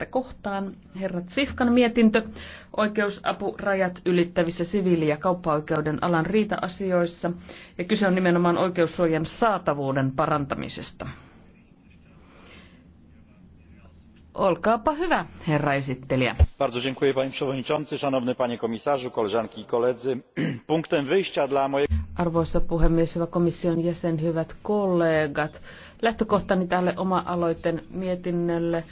esitystä kohtaan. Herra Tsifkan mietintö, oikeusapu rajat ylittävissä siviili- ja kauppaoikeuden alan riita-asioissa. Ja kyse on nimenomaan oikeussuojan saatavuuden parantamisesta. Olkaapa hyvä, herra esittelijä. Bardzo dziękuję panie przewodniczący, szanowny panie komisarzu, koleżanki i koledzy. Punktem wyjścia dla mojego... Arvoisa puhemies, hyvä komission jäsen, hyvät kollegat. Lähtökohtani tälle oma-aloitteen mietinnölle,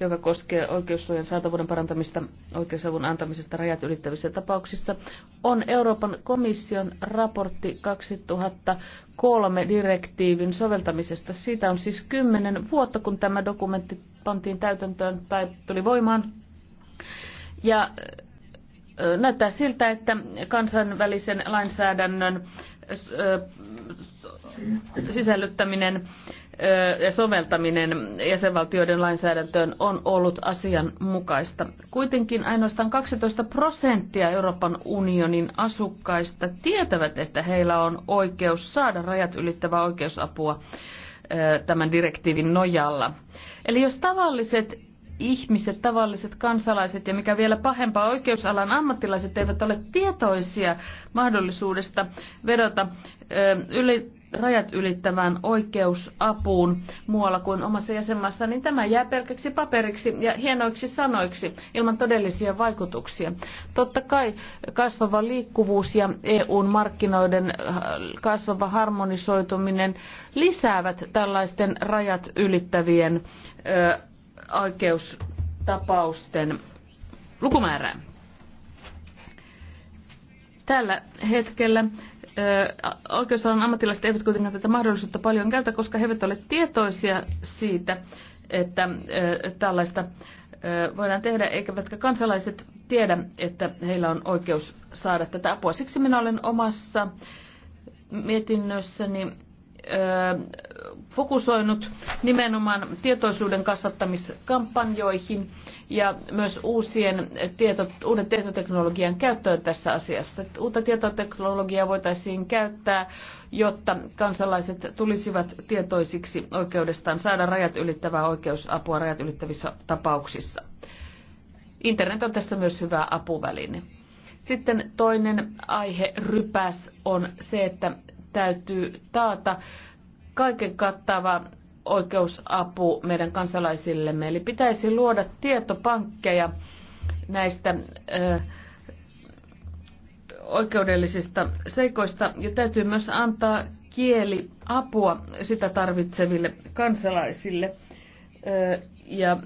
joka koskee oikeussuojan saatavuuden parantamista oikeusavun antamisesta rajat ylittävissä tapauksissa, on Euroopan komission raportti 2003 direktiivin soveltamisesta. Siitä on siis kymmenen vuotta, kun tämä dokumentti pantiin täytäntöön tai tuli voimaan. Ja näyttää siltä, että kansainvälisen lainsäädännön sisällyttäminen ja soveltaminen jäsenvaltioiden lainsäädäntöön on ollut asianmukaista. Kuitenkin ainoastaan 12 prosenttia Euroopan unionin asukkaista tietävät, että heillä on oikeus saada rajat ylittävää oikeusapua tämän direktiivin nojalla. Eli jos tavalliset ihmiset, tavalliset kansalaiset ja mikä vielä pahempaa, oikeusalan ammattilaiset eivät ole tietoisia mahdollisuudesta vedota yli, rajat ylittävään oikeusapuun muualla kuin omassa jäsenmaassa, niin tämä jää pelkäksi paperiksi ja hienoiksi sanoiksi ilman todellisia vaikutuksia. Totta kai kasvava liikkuvuus ja EUn markkinoiden äh, kasvava harmonisoituminen lisäävät tällaisten rajat ylittävien ö, ihmisoikeustapausten lukumäärää. Tällä hetkellä oikeusalan ammattilaiset eivät kuitenkaan tätä mahdollisuutta paljon käytä, koska he eivät ole tietoisia siitä, että tällaista voidaan tehdä, eivätkä kansalaiset tiedä, että heillä on oikeus saada tätä apua. Siksi minä olen omassa mietinnössäni fokusoinut nimenomaan tietoisuuden kasvattamiskampanjoihin ja myös uusien tieto, uuden tietoteknologian käyttöön tässä asiassa. Uutta tietoteknologiaa voitaisiin käyttää, jotta kansalaiset tulisivat tietoisiksi oikeudestaan saada rajat ylittävää oikeusapua rajat ylittävissä tapauksissa. Internet on tässä myös hyvä apuväline. Sitten toinen aihe rypäs on se, että täytyy taata kaiken kattava oikeusapu meidän kansalaisillemme. Eli pitäisi luoda tietopankkeja näistä ö, oikeudellisista seikoista ja täytyy myös antaa kieliapua sitä tarvitseville kansalaisille. Ö, ja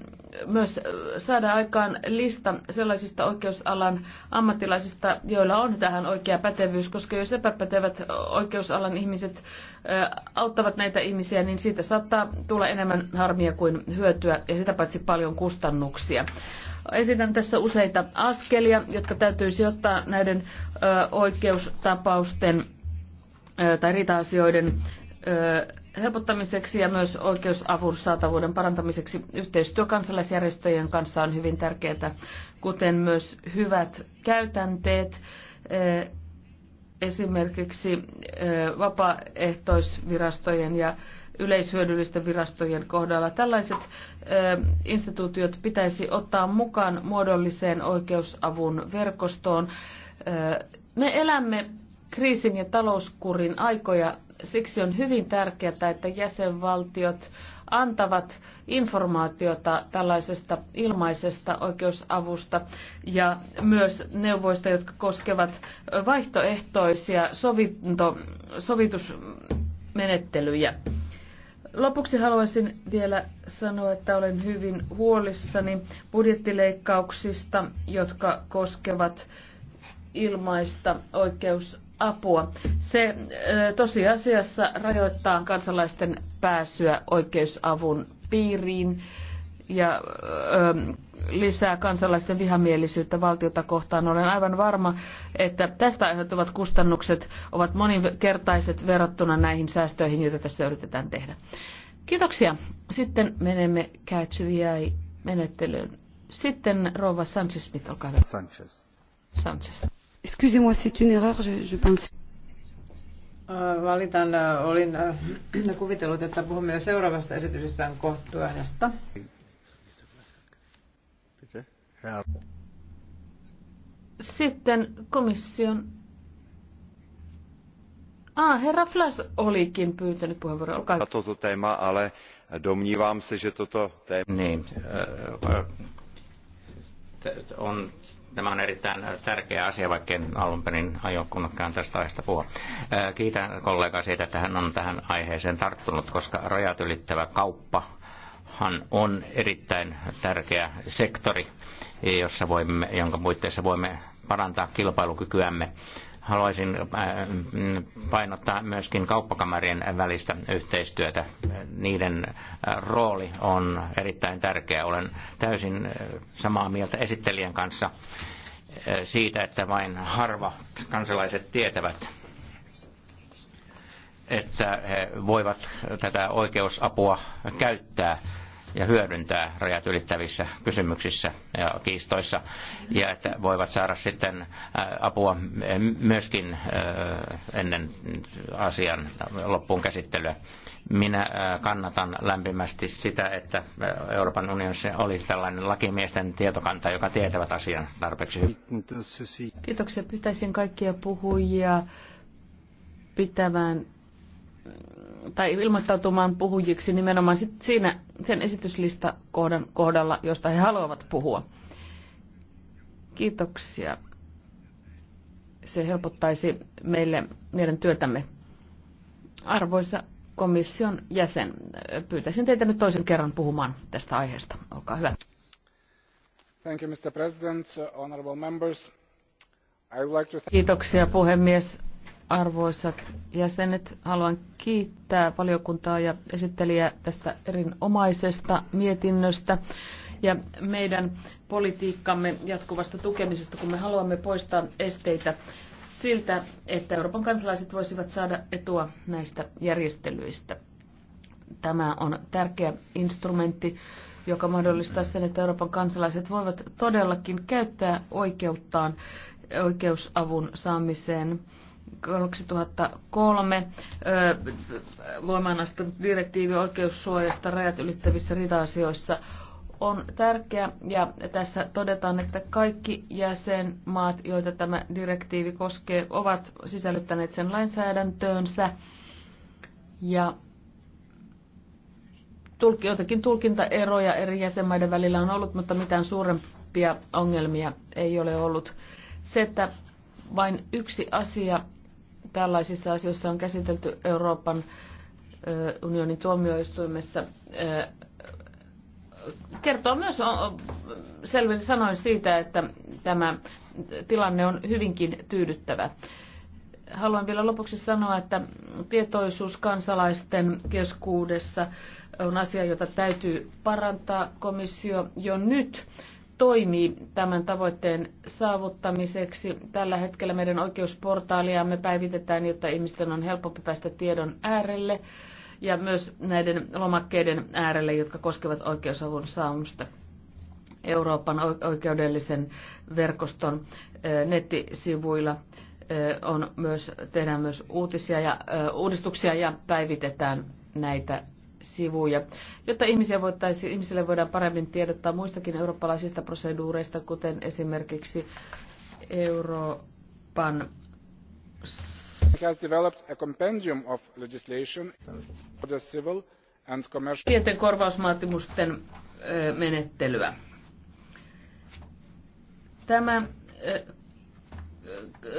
myös äh, saada aikaan lista sellaisista oikeusalan ammattilaisista, joilla on tähän oikea pätevyys, koska jos epäpätevät oikeusalan ihmiset äh, auttavat näitä ihmisiä, niin siitä saattaa tulla enemmän harmia kuin hyötyä ja sitä paitsi paljon kustannuksia. Esitän tässä useita askelia, jotka täytyisi ottaa näiden äh, oikeustapausten tai riita-asioiden helpottamiseksi ja myös oikeusavun saatavuuden parantamiseksi yhteistyö kansalaisjärjestöjen kanssa on hyvin tärkeää, kuten myös hyvät käytänteet, eh, esimerkiksi eh, vapaaehtoisvirastojen ja yleishyödyllisten virastojen kohdalla. Tällaiset eh, instituutiot pitäisi ottaa mukaan muodolliseen oikeusavun verkostoon. Me elämme kriisin ja talouskurin aikoja Siksi on hyvin tärkeää, että jäsenvaltiot antavat informaatiota tällaisesta ilmaisesta oikeusavusta ja myös neuvoista, jotka koskevat vaihtoehtoisia sovinto, sovitusmenettelyjä. Lopuksi haluaisin vielä sanoa, että olen hyvin huolissani budjettileikkauksista, jotka koskevat ilmaista oikeus apua. Se tosiasiassa rajoittaa kansalaisten pääsyä oikeusavun piiriin ja ö, lisää kansalaisten vihamielisyyttä valtiota kohtaan. Olen aivan varma, että tästä aiheutuvat kustannukset ovat moninkertaiset verrattuna näihin säästöihin, joita tässä yritetään tehdä. Kiitoksia. Sitten menemme Catch the Eye-menettelyyn. Sitten rouva Sanchez-Smith, olkaa hyvä. Sanchez. Sanchez. Excusez moi, c'est une erreur, je, je pense. Äh, valitan, äh, olin äh, kuvitellut, että puhumme jo seuraavasta esitysistään kohtuähdestä. Sitten komission... Ah, herra Flas olikin pyytänyt puheenvuoron. Olkaa... Toto teema, ale domnívám se, že toto teema... Niin, äh, äh, te, on Tämä on erittäin tärkeä asia, vaikka en alun perin ajokunnatkaan tästä aiheesta puhua. Kiitän kollegaa siitä, että hän on tähän aiheeseen tarttunut, koska rajat ylittävä kauppa on erittäin tärkeä sektori, jossa voimme, jonka puitteissa voimme parantaa kilpailukykyämme haluaisin äh, mm, painottaa myöskin kauppakamarien välistä yhteistyötä. Niiden äh, rooli on erittäin tärkeä. Olen täysin äh, samaa mieltä esittelijän kanssa siitä, että vain harva kansalaiset tietävät, että he voivat tätä oikeusapua käyttää ja hyödyntää rajat ylittävissä kysymyksissä ja kiistoissa, ja että voivat saada sitten apua myöskin ennen asian loppuun käsittelyä. Minä kannatan lämpimästi sitä, että Euroopan unionissa olisi tällainen lakimiesten tietokanta, joka tietävät asian tarpeeksi hyvin. Kiitoksia. Pyytäisin kaikkia puhujia pitämään tai ilmoittautumaan puhujiksi nimenomaan sit siinä sen esityslistakohdan kohdalla, josta he haluavat puhua. Kiitoksia. Se helpottaisi meille meidän työtämme. Arvoisa komission jäsen, pyytäisin teitä nyt toisen kerran puhumaan tästä aiheesta. Olkaa hyvä. Thank you, Mr. President, honorable members. I would like to Kiitoksia puhemies Arvoisat jäsenet, haluan kiittää valiokuntaa ja esittelijää tästä erinomaisesta mietinnöstä ja meidän politiikkamme jatkuvasta tukemisesta, kun me haluamme poistaa esteitä siltä, että Euroopan kansalaiset voisivat saada etua näistä järjestelyistä. Tämä on tärkeä instrumentti, joka mahdollistaa sen, että Euroopan kansalaiset voivat todellakin käyttää oikeuttaan oikeusavun saamiseen 2003 voimaan astunut direktiivi oikeussuojasta rajat ylittävissä rita asioissa on tärkeä ja tässä todetaan, että kaikki jäsenmaat, joita tämä direktiivi koskee, ovat sisällyttäneet sen lainsäädäntöönsä ja tulki, joitakin tulkintaeroja eri jäsenmaiden välillä on ollut, mutta mitään suurempia ongelmia ei ole ollut. Se, että vain yksi asia tällaisissa asioissa on käsitelty Euroopan unionin tuomioistuimessa, kertoo myös selvin sanoin siitä, että tämä tilanne on hyvinkin tyydyttävä. Haluan vielä lopuksi sanoa, että tietoisuus kansalaisten keskuudessa on asia, jota täytyy parantaa komissio jo nyt toimii tämän tavoitteen saavuttamiseksi. Tällä hetkellä meidän oikeusportaaliamme päivitetään, jotta ihmisten on helpompi päästä tiedon äärelle ja myös näiden lomakkeiden äärelle, jotka koskevat oikeusavun saumusta. Euroopan oikeudellisen verkoston nettisivuilla on myös, tehdään myös uutisia ja, uudistuksia ja päivitetään näitä sivuja, jotta ihmisiä voitaisiin, ihmisille voidaan paremmin tiedottaa muistakin eurooppalaisista proseduureista, kuten esimerkiksi Euroopan Pienten korvausmaatimusten menettelyä. Tämä,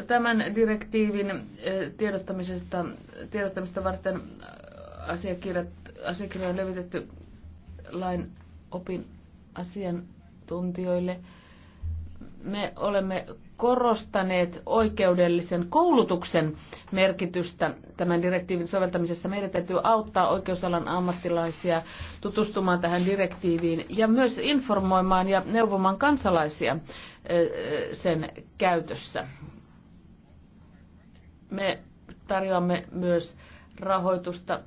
tämän direktiivin tiedottamista, tiedottamista varten asiakirjat asiakirja on levitetty lain opin asiantuntijoille. Me olemme korostaneet oikeudellisen koulutuksen merkitystä tämän direktiivin soveltamisessa. Meidän täytyy auttaa oikeusalan ammattilaisia tutustumaan tähän direktiiviin ja myös informoimaan ja neuvomaan kansalaisia sen käytössä. Me tarjoamme myös rahoitusta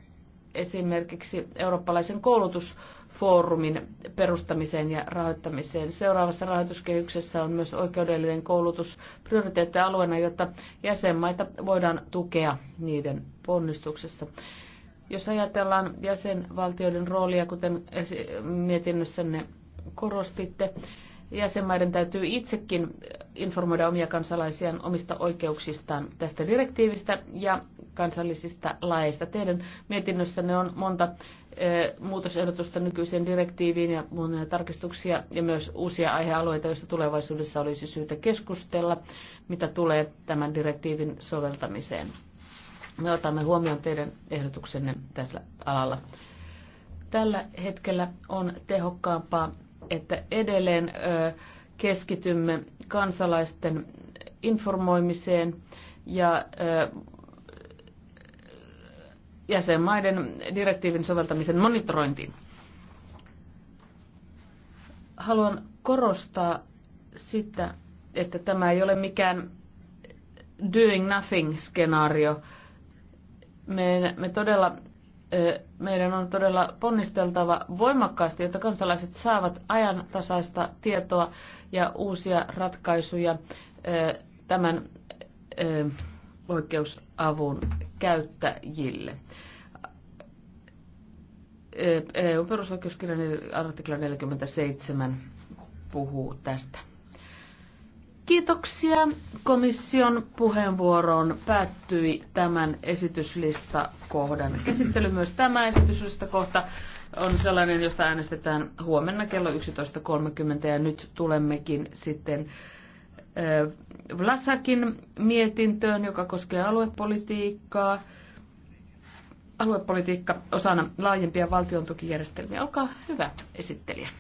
esimerkiksi eurooppalaisen koulutusfoorumin perustamiseen ja rahoittamiseen. Seuraavassa rahoituskehyksessä on myös oikeudellinen koulutus prioriteettialueena, jotta jäsenmaita voidaan tukea niiden ponnistuksessa. Jos ajatellaan jäsenvaltioiden roolia, kuten mietinnössänne korostitte, jäsenmaiden täytyy itsekin informoida omia kansalaisiaan omista oikeuksistaan tästä direktiivistä ja kansallisista laeista. Teidän mietinnössänne on monta muutosehdotusta nykyiseen direktiiviin ja monia tarkistuksia ja myös uusia aihealueita, joista tulevaisuudessa olisi syytä keskustella, mitä tulee tämän direktiivin soveltamiseen. Me otamme huomioon teidän ehdotuksenne tällä alalla. Tällä hetkellä on tehokkaampaa, että edelleen ö, keskitymme kansalaisten informoimiseen ja jäsenmaiden direktiivin soveltamisen monitorointiin. Haluan korostaa sitä, että tämä ei ole mikään doing nothing skenaario. Me, me todella meidän on todella ponnisteltava voimakkaasti, jotta kansalaiset saavat ajantasaista tietoa ja uusia ratkaisuja tämän oikeusavun käyttäjille. EU-perusoikeuskirjan artikla 47 puhuu tästä. Kiitoksia. Komission puheenvuoroon päättyi tämän esityslista kohdan käsittely. Myös tämä esityslista kohta on sellainen, josta äänestetään huomenna kello 11.30 ja nyt tulemmekin sitten Vlasakin mietintöön, joka koskee aluepolitiikkaa. Aluepolitiikka osana laajempia valtion tukijärjestelmiä. Olkaa hyvä esittelijä.